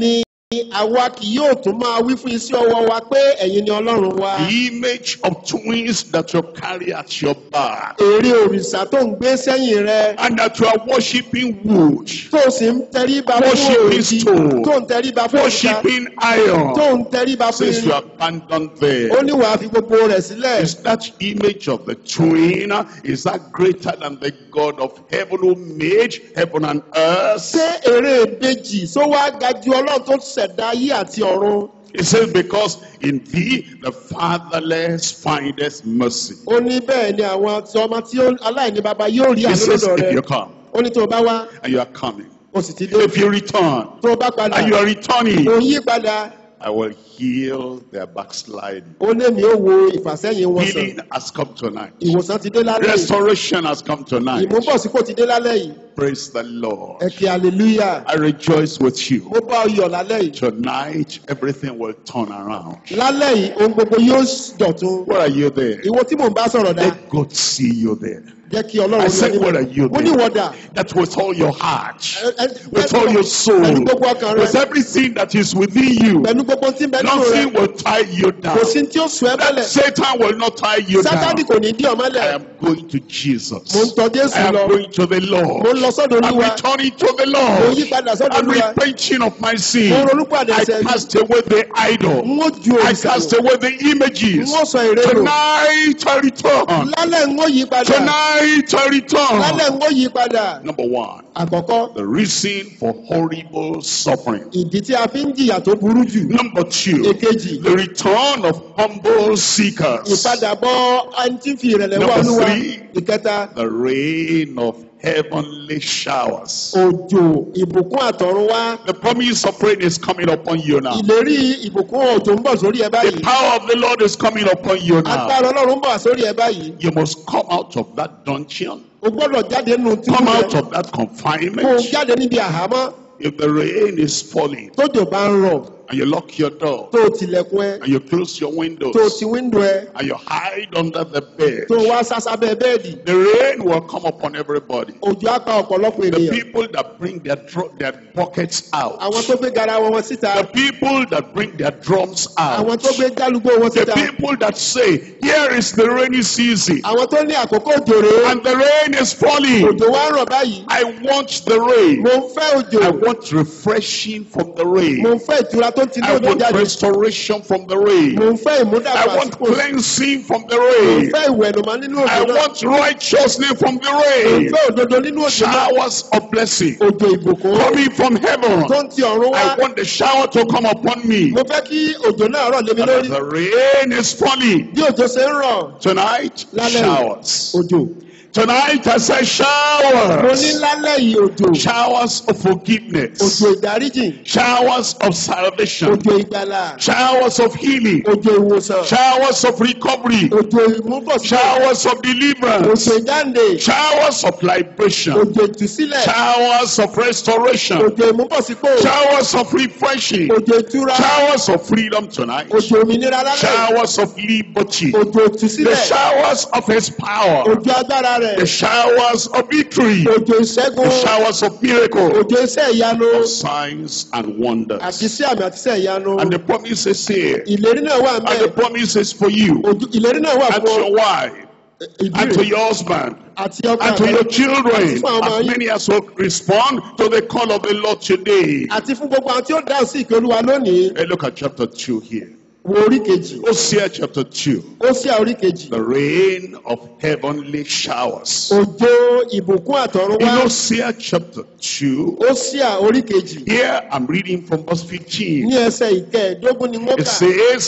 ní àwa kì yóò tún máa wí fún iṣẹ́ ọwọ́ wa pé ẹ̀yin ni Ọlọ́run wa. The image of twins that you carry at your back. Èrè òrìṣà tó ń gbé sẹ́yìn rẹ. And that you are worshiping wood. Tó o sì ń tẹríba fún òòyì. Worshiping stone. Tó ń tẹríba fún òòyì. Worshiping iron. Tó ń tẹríba fún irin. Since you abandon them. Ó ní wàá fi gbogbo rẹ̀ sílẹ̀. Is that image of the twin is that greater than the God of heaven who made heaven and earth? Ṣé èrè ìbejì sọ wá ga ju Ọlọ́run tó ṣẹ̀ olùṣẹ̀dá ayé àti ọ̀run. He says, because in thee the fatherless findeth mercy. Ó ní bẹ́ẹ̀ ni àwọn ọmọ tí aláìní bàbá yóò rí àánú rẹ̀. He says, if you come. Ó ní tó o bá wá. And you are coming. O sì ti dé. If you return. Tó o bá padà. And you are returning. O yí padà. I will heal their backsliding. Ó lé mi ó wo ìfàsẹ́yìn wọn sàn. Healing has come tonight. Ìwòsàn ti dé lálẹ́ yìí. Restoration has come tonight. Ìmúbọ̀sípò ti dé lálẹ́ yìí. Praise the Lord. hallelujah. I rejoice with you. Tonight everything will turn around. Where are you there? Let God see you there. I said, Ọlọ́run are you? wọ́n. That with all your heart, with all your soul, with everything that is within you, nothing will tie you down. That Satan will not tie you down. I am going to Jesus. I am going to the Lord lọ sọ́dọ̀ olúwa. I'm returning to the Lord. Mo yí padà sọ́dọ̀ olúwa. I'm repenting of my sin. Mo ronúpọ̀ àdẹ̀sẹ̀ mi. I cast away the idol. N ó ju òrìṣà lọ. I cast away the images. N ó sọ èrè rò. Tonight I return. Lálẹ́ n ó yí padà. Tonight I return. Lálẹ́ n ó yí padà. Number one. Àkọ́kọ́. The reason for horrible suffering. Ìdí tí a fi ń jìyà tó burú jù. Number two. Èkejì. The return of humble seekers. Ìpadàbọ̀ àǹtífì ìrẹ̀lẹ̀ wà lúwa. Number three. Ìkẹta. The reign of heavenly showers. Òjò ìbùkún àtọ̀run wá. The promise of rain is coming upon you now. Ìlérí ìbùkún òjò ń bọ̀ sórí ẹ báyìí. The power of the Lord is coming upon you now. Agbára Ọlọ́run bọ̀ sórí ẹ báyìí. You must come out of that dungeon. O gbọ́dọ̀ jáde nínú tí. Come out of that confinement. Kò jáde níbi àhámọ́. If the rain is falling. Tójò bá ń rọ̀. And you lock your door. Tó o tilẹ̀kùn And you close your windows. Tó o window ẹ. And you hide under the bed. Tó o wá sásábẹ́ bẹ́ẹ̀dì. The rain will come upon everybody. Òjò á pa ọ̀pọ̀lọpọ̀ The people that bring their their buckets out. Àwọn tó gbé garawa wọn síta. The people that bring their drums out. Àwọn tó gbé jálùgbó wọn síta. The people that say here is the rainy season. Àwọn tó ní àkókò òjòrè. And the rain is falling. Òjò wá rọ̀ báyìí. I want the rain. Mo fẹ́ òjò. I want refreshing from the rain. Mo fẹ́ ìtura I want restoration from the rain. I want cleansing from the rain. I want righteousness from the rain. Showers of blessing. Coming from heaven. I want the shower to come upon me. Mo The rain is falling. Bí Tonight, showers. Tonight I say showers. Mo ní lálẹ́ yìí òjò. Showers of forgiveness. Òjò ìdáríjì. Showers of salvation. Òjò ìgbàlà. Showers of healing. Òjò ìwòsàn. Showers of recovery. Òjò ìmúbọ̀sí. Showers of deliverance. Òjò ìdáǹde. Showers of liberation. Òjò ìtúsílẹ̀. Showers of restoration. Òjò ìmúbọ̀sípò. Showers of refreshing. Òjò ìtura. Showers of freedom tonight. Òjò òmìnira lálẹ́. Showers of liberty. Òjò ìtúsílẹ̀. The showers of his power. Òjò agbára rẹ̀. The showers of victory. The showers of miracle. Òjò Of signs and wonders. And the promise is here. And the promise is for you. And your wife. And to your husband. and ọkọ your children as many as will respond to the call of the Lord today. àti Hey, look at chapter two here. Wo orí kejì. Hosea chapter two. Hosea orí kejì. The rain of heavenly showers. Òjò ìbùkún àtọ̀run In Hosea chapter two. Hosea orí kejì. Here I'm reading from verse fifteen. Ní ẹsẹ̀ ìkẹẹ̀dógún ni wọ́n kà. It says.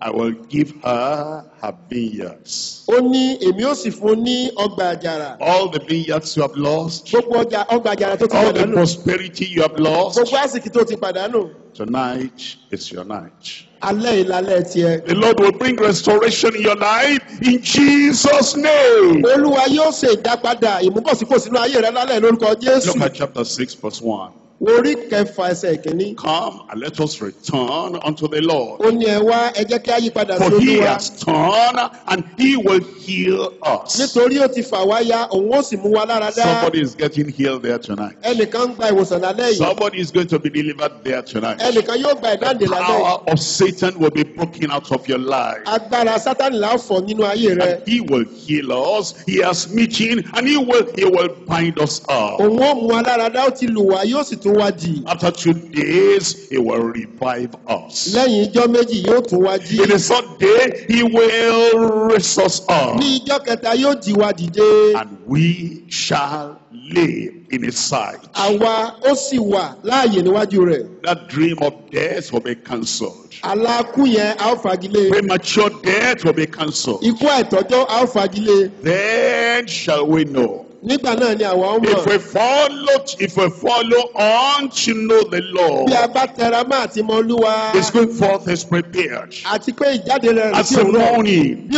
I will give her her vineyards. Ó ní èmi ó sì fún ní ọgbà àjàrà. All the vineyards you have lost. Gbogbo ọjà ọgbà àjàrà tó ti pàdánù. All the prosperity you have lost. Gbogbo àsìkò tó ti pàdánù. Tonight is your night. Alẹ́ ìlàlẹ́ tiẹ̀. The Lord will bring restoration in your life in Jesus' name. Olúwa yóò ṣe ìdápadà ìmúbọ̀sípò sínú ayé rẹ lálẹ́ lórúkọ Jésù. Look at chapter six verse one. Orí kẹfà ẹsẹ̀ kìíní. Come and let us return unto the Lord. Ó ní ẹ wá ẹ kí a yí padà sí Olúwa. For he has turned and he will heal us. Nítorí ó ti fà wá ya, òun ó sì mú wa lára dá. Somebody is getting healed there tonight. Ẹnìkan ń gba ìwòsàn lálẹ́ yìí. Somebody is going to be delivered there tonight. Ẹnìkan yóò gba ìdáǹdè lálẹ́ yìí. The power of Satan will be broken out of your life. Agbára Sátánì là ń nínú ayé rẹ. And he will heal us. He has meeting and he will he will bind us up. Òun ó mú wa lára dá, ó ti lù wá, yóò sì tún tún wá jí. After two days, he will revive us. Lẹ́yìn ijọ́ méjì yóò tún wá jí. In the third day, he will raise us Ní ijọ́ kẹta yóò jí wa dìde. And we shall live in his sight. Àwa ó sì wà láàyè níwájú rẹ̀. That dream of death will be cancelled. Àlàkù yẹn a ó fagilé. Premature death will be cancelled. Ikú àìtọ́jọ́ a ó fagilé. Then shall we know. Nígbà náà ni àwa mọ̀. If we follow if we follow on to know the Lord. Bí a bá tẹra mọ́ àti mọ Olúwa. His going forth is prepared. Àti pé ìjáde rẹ̀ rí sí òwúrọ̀. As a morning.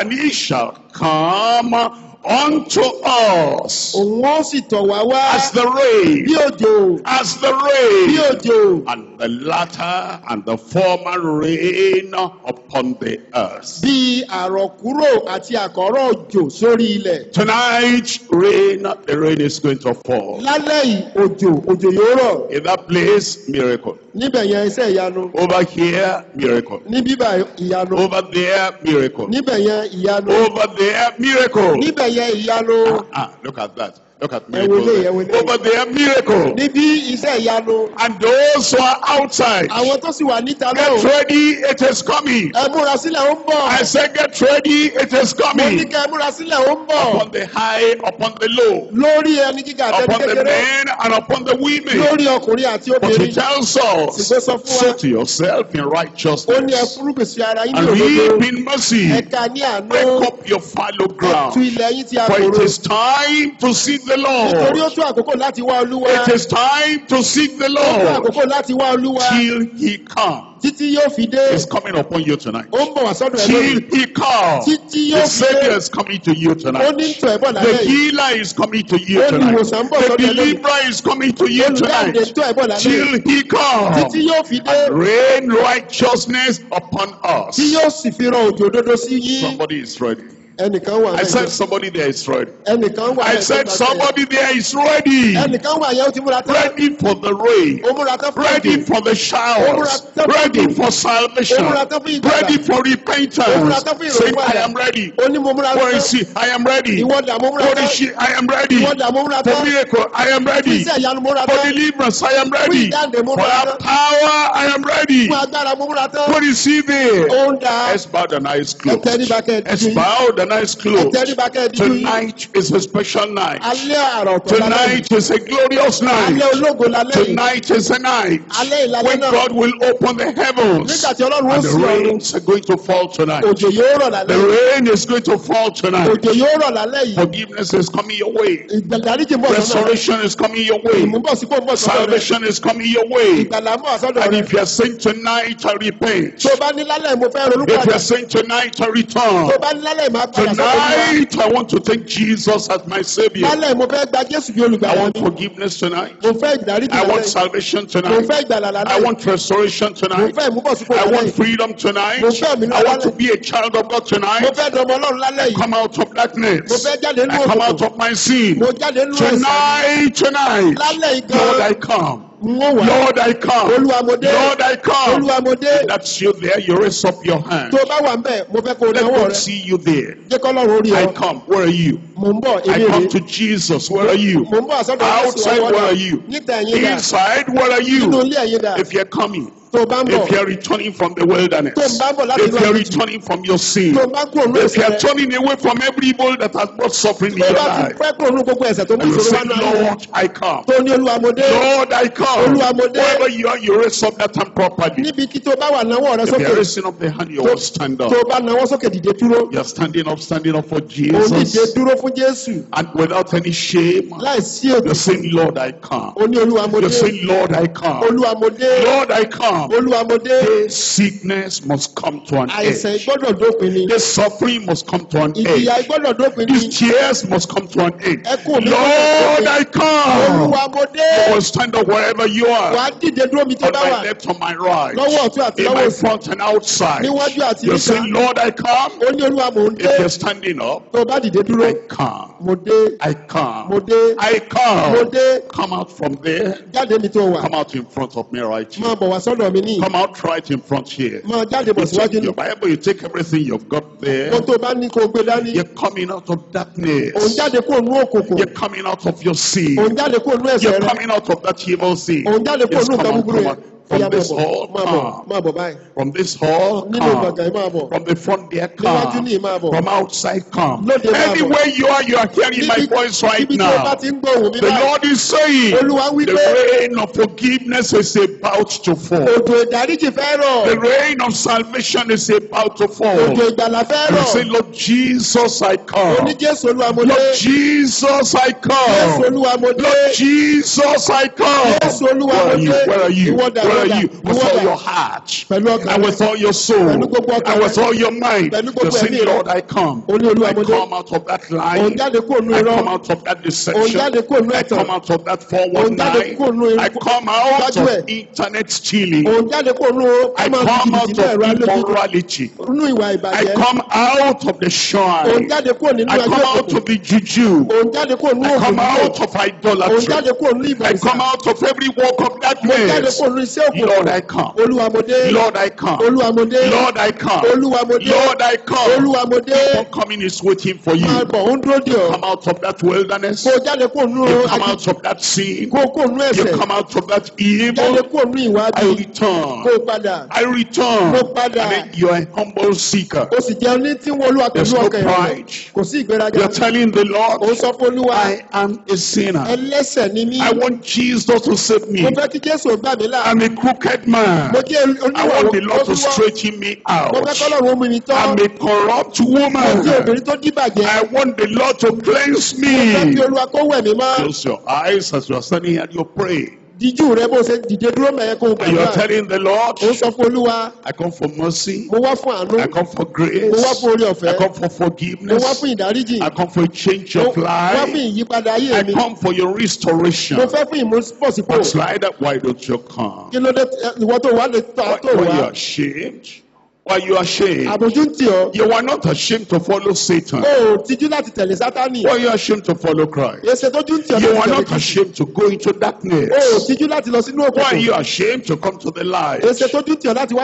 And he shall come unto us. Òun ó sì tọ̀ wá wá. As the rain. Bí òjò. As the rain. Bí òjò. And the latter and the former rain upon the earth. Bí àrọ̀kúrò àti àkọ́rọ̀ òjò sórí ilẹ̀. Tonight rain the rain is going to fall. Lálẹ́ yìí òjò òjò yóò rọ̀. In that place miracle. Níbẹ̀ yẹn iṣẹ́ ìyanu. Over here miracle. Ní bíbá ìyanu. Over there miracle. Níbẹ̀ yẹn ìyanu. Over there miracle. Níbẹ̀ ẹyẹ ìyanu. Ah, ah look at that Look at miracles. Over there, miracle. Níbí iṣẹ́ And those who are outside. Get ready, it is coming. I said get ready, it is coming. Upon the high, upon the low. Upon the men and upon the women. But he tells us. Ṣùgbọ́n to yourself in righteousness. And reap in mercy. Break up your fallow ground. For it is time to see the the Lord. It is time to seek the Lord. Till he comes. Títí He's coming upon you tonight. Till he comes. The Savior is coming to you tonight. The healer is coming to you tonight. The deliverer is coming to you tonight. Till he comes. And rain righteousness upon us. Somebody is ready. I said somebody there is ready. I said somebody there is ready. ready for the rain. ready for the showers. ready for salvation. ready for repentance. say I am ready. ó ní mo I am ready. ìwọ dà mo I am ready. ìwọ dà mo for miracle I am ready. fún iṣẹ́ for deliverance I am ready. fún ìdáǹdè for power I am ready. fún agbára mo múra tán. for receiving. ó ń da. let's bow down eyes closed. ẹ tẹ́ ní tonight's Tonight is a special night. Tonight is a glorious night. Tonight is a night when God will open the heavens. And the rains are going to fall tonight. The rain is going to fall tonight. Forgiveness is coming your way. Restoration is coming your way. Salvation is coming your way. And if you are saying tonight, I repent. If you are saying tonight, I return. Tonight I want to take Jesus as my savior. I want forgiveness tonight. I want salvation tonight. I want restoration tonight. I want freedom tonight. I want to be a child of God tonight. I come out of darkness. I come out of my sin. Tonight tonight. Lord I come. Lord I come. Olúwa Lord I come. Olúwa That's you there, you raise up your hand. Tó bá wà ń mo fẹ́ kó o náwó rẹ. Let God see you there. Jẹ́ kọ́lọ́run orí ọ. I come, where are you? Mo ń bọ̀ ilé rẹ. I come to Jesus, where are you? Mo ń bọ̀ àsọdọ̀ Jésù Outside, where are you? Níta ẹ̀yin dà. Inside, where are you? Nínú ilé ẹ̀yin dà. If you're coming. if you are returning from the wilderness, if you are returning from your sin, if you are turning away from every evil that has brought suffering in your life, and you say, Lord, I come. Lord, I come. Wherever you are, you raise up that hand properly. If you are raising up the hand, you will stand up. You are standing up, standing up for Jesus. And without any shame, you're saying, Lord, I come. You're saying, Lord, I come. Lord, I come. come. Olúwamọdé. sickness must come to an end. The suffering must come to an end. The tears must come to an end. Lord I come. I will stand up wherever you are. On my left on my right. In my front and outside. You say Lord I come. Ó If you standing up. Tó o bá dìde I come. I come. I come. Come out from there. Come out in front of me right here. mi come out right in front here. máa jáde you take your bible you take everything you've got there. dání. you're coming out of darkness. òkùnkùn. you're coming out of your sin. rẹ. you're coming out of that evil sin. òun jáde kó nú ìtàn from this hall, come. From this hall, come. From the front there, come. From outside, come. Anywhere you are, you are hearing my voice right now. The Lord is saying, the rain of forgiveness is about to fall. The rain of salvation is about to fall. You say, Lord Jesus, I come. Lord Jesus, I come. Lord Jesus, I come. Where are you? Where are you? Where are you? you with all your heart and with all your soul and with all your mind. You're saying, Lord, I come. I come out of that line. I come out of that deception. I come out of that forward line. I come out of internet stealing. I come out of immorality. I come out of the shrine. I come out of the juju. I come out of idolatry. I come out of every walk of darkness. Lord I come. Olúwa mo dé. Lord I come. Olúwa mo dé. Lord I come. Olúwa Lord I come. Olúwa mo coming is waiting for you. Come out of that wilderness. You come out of that sin. You come out of that evil. I return. I return. Kò padà. I you a humble seeker. There's no pride. You're telling the Lord. I am a sinner. I want Jesus to save me. Mo fẹ́ crooked man. I want the Lord to straighten me out. I'm a corrupt woman. I want the Lord to cleanse me. Close your eyes as you are standing here and you pray. díjú rẹ bó ṣe dìde dúró mẹ́yẹ kó you are telling the lord. I come for mercy. I come for grace. I come for forgiveness. I come for a change of life. I come for your restoration. mo fẹ́ why don't you come. kí ló dé when you are ashamed why you are ashamed. You are not ashamed to follow Satan. O tijú láti tẹ̀lé Sátánì. Why you are ashamed to follow Christ. You are not ashamed to go into darkness. O tijú láti lọ sínú òkùnkùn. Why you ashamed to come to the light.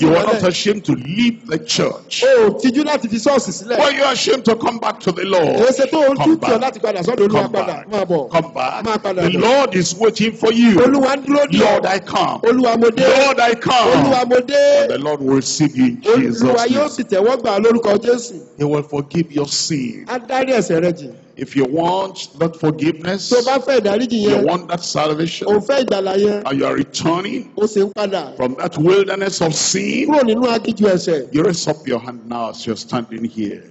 You are not ashamed to leave the church. O tijú láti fi sọ́ọ̀sì sílẹ̀. Why you ashamed to come back to the Lord. Èsè tójú ti ọ láti padà Come back. The Lord is waiting for you. Lord I come. Lord I come. And the Lord will receive you in Jesus. Jesus' name. Olúwa yóò sì tẹ̀wọ́ gbà lórúkọ Jésù. He will forgive your sin. Á dárí ẹ̀ṣẹ̀ rẹ jì. If you want that forgiveness, you want that salvation, and you are returning from that wilderness of sin, You raise up your hand now as you're standing here.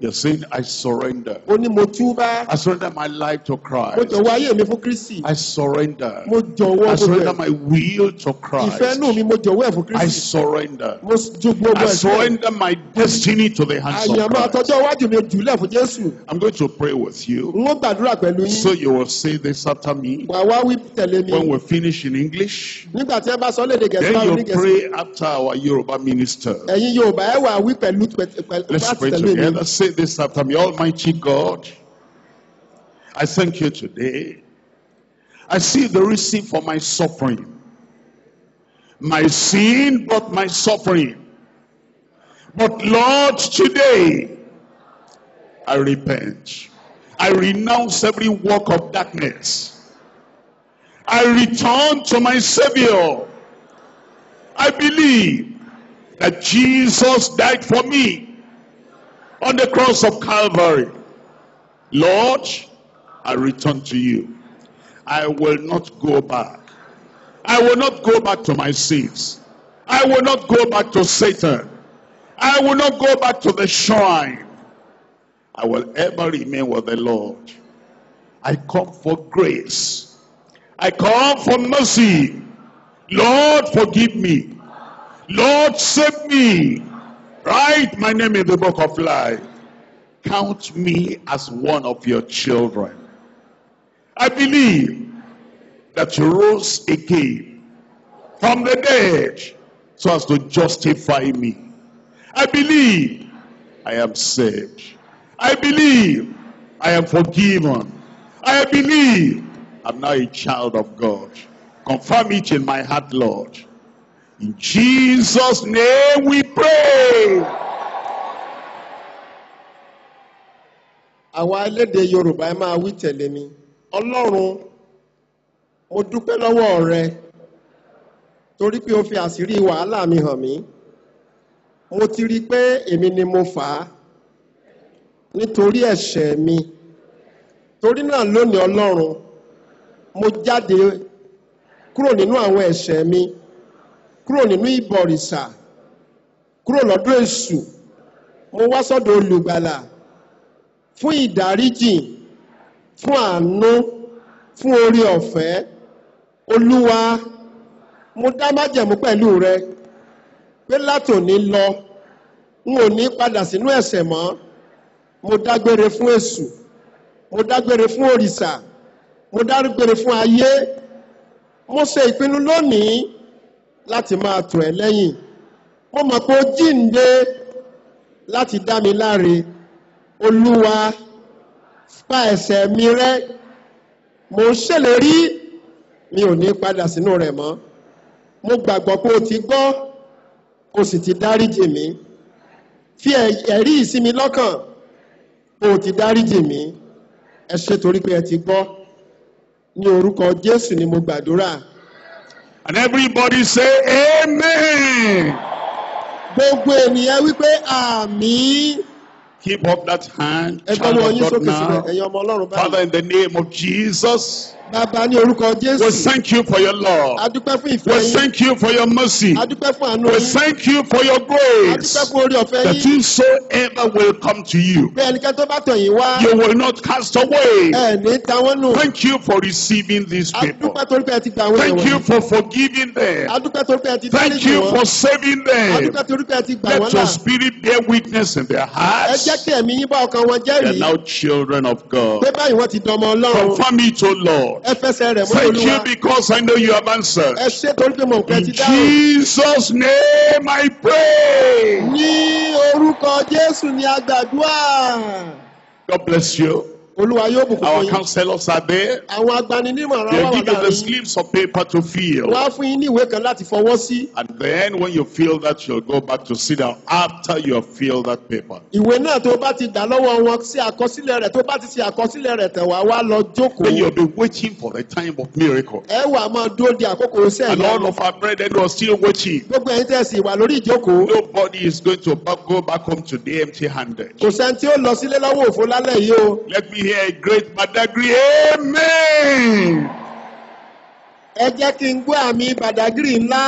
You're saying, I surrender. I surrender my life to Christ. I surrender. I surrender my will to Christ. I surrender. I surrender my destiny to the hands of Christ fún Jésù. I'm going to pray with you. So you will say this after me. When we finish in English. Then you pray after our Yoruba minister. Let's pray together. Say this after me. Almighty God, I thank you today. I see the reason for my suffering. My sin brought my suffering. But Lord, today, I repent. I renounce every work of darkness. I return to my Savior. I believe that Jesus died for me on the cross of Calvary. Lord, I return to you. I will not go back. I will not go back to my sins. I will not go back to Satan. I will not go back to the shrine. I will ever remain with the Lord. I come for grace. I come for mercy. Lord, forgive me. Lord, save me. Write my name in the book of life. Count me as one of your children. I believe that you rose again from the dead so as to justify me. I believe I am saved. I believe I am forgiven. I believe I'm now a child of God. Confirm it in my heart, Lord. In Jesus' name we pray. Àwa elédè Yorùbá ẹ máa wí tẹ̀lé mi. Ọlọ́run, mo dúpẹ́ lọ́wọ́ rẹ torí pé o fi àṣírí wàhálà mi hàn mí. Mo ti rí pé èmi ni mo fà nítorí ẹ̀ṣẹ̀ mi torí náà lónìí ọlọ́run mo jáde kúrò nínú àwọn ẹ̀ṣẹ̀ mi kúrò nínú ìbọ̀rìṣà kúrò lọ́dún èṣù mo wá sọ́dọ̀ olùgbàlà fún ìdáríjì fún àánú fún orí ọ̀fẹ́ olúwa mo dá májẹ̀mú pẹ̀lú rẹ pé látòní lọ n ò ní padà sínú ẹ̀ṣẹ̀ mọ́. mo dágbére fún èṣù mo dágbére fún òrìṣà mo dágbére fún ayé mo ṣe ìpinnu lónìí láti máa tọ̀ ẹ́ lẹ́yìn mo mọ̀ pé ó jíǹde láti dá mi láre olúwa pa ẹ̀ṣẹ̀ mi rẹ́ mo ń ṣèlérí mi ò ní padà sínú rẹ̀ mọ́ mo gbàgbọ́ pé o ti gbọ́ o sì ti dáríjì mi fi ẹ̀rí ìsinmi lọ́kàn o ti dáríjì mí ẹ ṣé torí pé ẹ ti gbọ́ ní orúkọ Jésù ni mo gbàdúrà. And everybody say amen. Gbogbo ènìyàn wípé àmín keep up that hand. child. gbọ́dọ̀ wọ́n yín Father in the name of Jesus. Bàbá We thank you for your love. A We thank you for your mercy. A We thank you for your grace. That whosoever will come to you. You will not cast away. Thank you for receiving these people. Thank you for forgiving them. Thank you for saving them. Let your spirit bear witness in their hearts jẹ́ kí ẹ̀mí yín bá ọkàn wọn jẹ́rìí. they are now children of God. pé báyìí wọ́n ti dọmọ Ọlọ́run. confirm me, o Lord. ẹ fẹsẹ̀ rẹ̀ mọ́ Olúwa. thank you because I know you have answered. ẹ ṣe torí pé mo nǹkan ti dáhùn. in Jesus name I pray. ní orúkọ Jésù ni a gbàdúrà. God bless you. Olúwa yóò bùkún fún yín. Our counselors are there. Àwọn agbaninímọ̀ràn wà wà láàrin. They give you the slips of paper to fill. Wọ́n fún yín ní ìwé kan láti fọwọ́ sí. And then when you fill that you go back to sit down after you have filled that paper. Ìwé náà tó bá ti dà lọ́wọ́ wọn sí àkọsílẹ̀ rẹ̀ tó bá ti ṣe àkọsílẹ̀ rẹ̀ tẹ̀ wá wá lọ jókòó. Then you'll be waiting for the time of miracle. Ẹ wà máa dúró di àkókò sẹ́yìn. And all of our brethren were still waiting. Gbogbo ẹ̀yin tẹ̀sí wà lórí ìjókòó. Nobody is going to go back home today empty handed. Kò sẹ́ni tí ó lọ sílé lọ́wọ́ òfo lálẹ́ yìí o. Let me hear a great Badagry. Amen. Ẹ jẹ́ kí n gbọ́ àmì Badagry ńlá.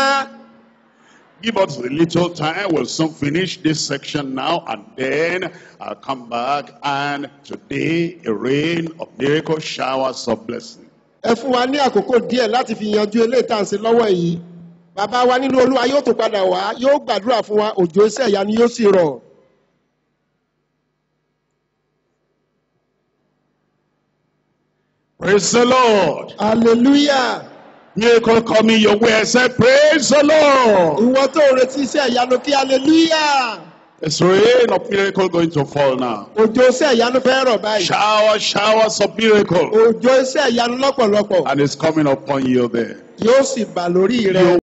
Give us a little time. We'll soon finish this section now and then I'll come back. And today, a rain of miracle showers of blessing. Ẹ fún wa ní àkókò díẹ̀ láti fi yanjú eléyìí tá à ń ṣe lọ́wọ́ yìí. Bàbá wa nínú Olúwa yóò tó padà wá, yóò gbàdúrà fún wa, òjò iṣẹ́ ìyanu yóò sì rọ̀. Praise the Lord. Hallelujah. Bí o kò kọ́ mi yòówù ẹsẹ̀ praise the Lord. Ìwọ tó retí iṣẹ́ ìyanu kí hallelujah. It's rain of miracle going to fall now. Òjò iṣẹ́ ìyanu fẹ́ rọ̀ báyìí. Shower showers of miracle. Òjò iṣẹ́ ìyanu lọ́pọ̀lọpọ̀. And it's coming upon you there. Yóò sì bà lórí rẹ.